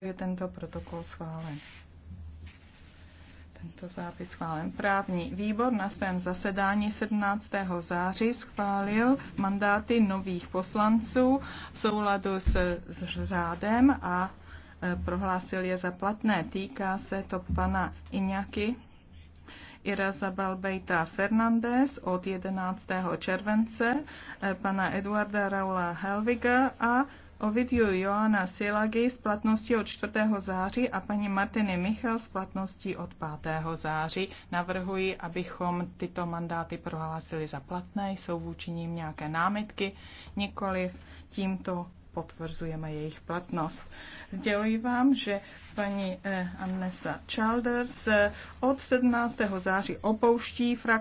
je tento protokol schválen. Tento zápis schválen. Právní výbor na svém zasedání 17. září schválil mandáty nových poslanců v souladu s, s řádem a e, prohlásil je za platné. Týká se to pana Iňaky Irazabal Bejta Fernandez od 11. července, e, pana Eduarda Raula Helviga a Ovidiu Joana Silagy s platností od 4. září a paní Martiny Michal s platností od 5. září. Navrhuji, abychom tyto mandáty prohlásili za platné. Jsou vůči ním nějaké námitky? Nikoliv. Tímto potvrzujeme jejich platnost. Sděluji vám, že paní eh, Annesa Childers eh, od 17. září opouští frakci